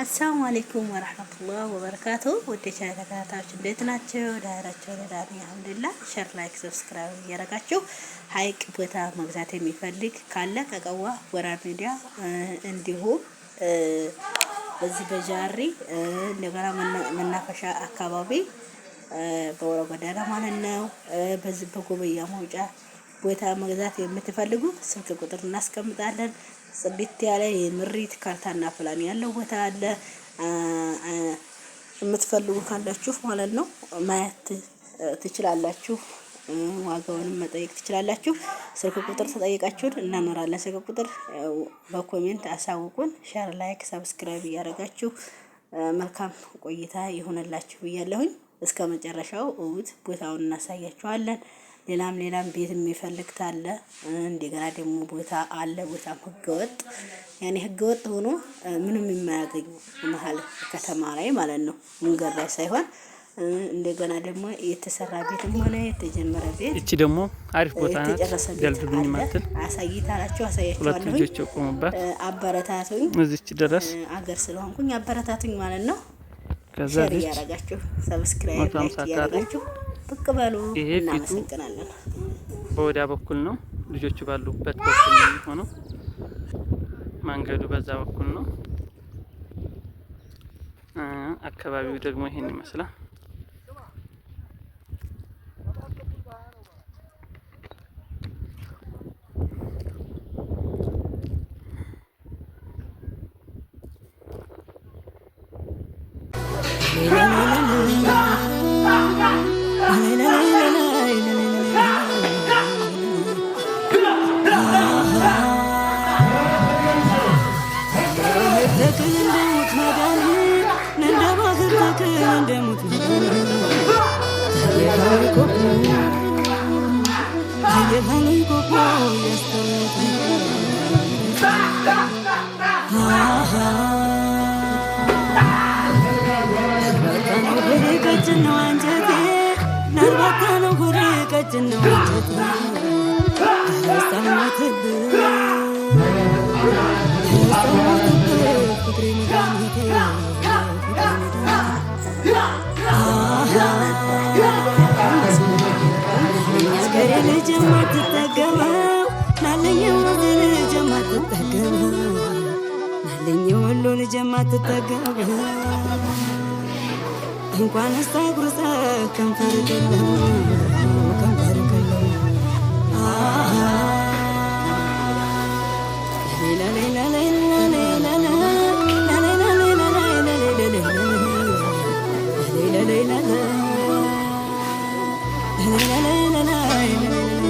አሰላሙ አሌይኩም ወራህመቱላህ ወበረካቱ። ውድ ቻናል ተከታታዮች እንዴት ናቸው? ዳህራቸው ለዳኒ አልሐምዱሊላህ። ሸር፣ ላይክ፣ ሰብስክራይብ እያደረጋችሁ ሀይቅ ቦታ መግዛት የሚፈልግ ካለ ከቀዋ ወራር ሚዲያ እንዲሁም በዚህ በጃሪ እንደገና መናፈሻ አካባቢ በወረ ጎዳና ማለት ነው። በዚህ በጎበያ መውጫ ቦታ መግዛት የምትፈልጉ ስልክ ቁጥር እናስቀምጣለን። ጽድት ያለ የምሪት ካርታና ፕላን ያለው ቦታ አለ። የምትፈልጉ ካላችሁ ማለት ነው ማየት ትችላላችሁ። ዋጋውንም መጠየቅ ትችላላችሁ። ስልክ ቁጥር ተጠይቃችሁን እናኖራለን። ስልክ ቁጥር በኮሜንት አሳውቁን። ሸር፣ ላይክ፣ ሰብስክራይብ እያደረጋችሁ መልካም ቆይታ ይሆንላችሁ ብያለሁኝ። እስከ መጨረሻው እውት ቦታውን እናሳያችኋለን። ሌላም ሌላም ቤት የሚፈልግ ታለ እንደገና ደግሞ ቦታ አለ ቦታም ህገወጥ ያኔ ህገወጥ ሆኖ ምንም የማያገኙ መሀል ከተማ ላይ ማለት ነው፣ መንገድ ላይ ሳይሆን እንደገና ደግሞ የተሰራ ቤትም ሆነ የተጀመረ ቤት እቺ ደግሞ አሪፍ ቦታ ናት። ደልድሉኝ ማትል አሳይታላችሁ አሳያችኋለሁ። ሁለት ልጆች የቆሙባት አበረታቱኝ። እዚች ድረስ አገር ስለሆንኩኝ አበረታቱኝ ማለት ነው። ከዛ ልጅ ያረጋችሁ ሰብስክራይብ ያረጋችሁ ብቅ በሉ። እናመሰግናለን። በወዲያ በኩል ነው ልጆቹ ባሉበት በኩል ነው የሚሆነው። መንገዱ በዛ በኩል ነው። አካባቢው ደግሞ ይሄን ይመስላል። ভালোই করবো আগে ভালোই করবো Narvatano gure kachno chate, samathe, samathe. ልጅ የማትጠገበው ናለኝ ወንዝ ልጅ እንኳን ስታጉርሰ ከንፈር la la la la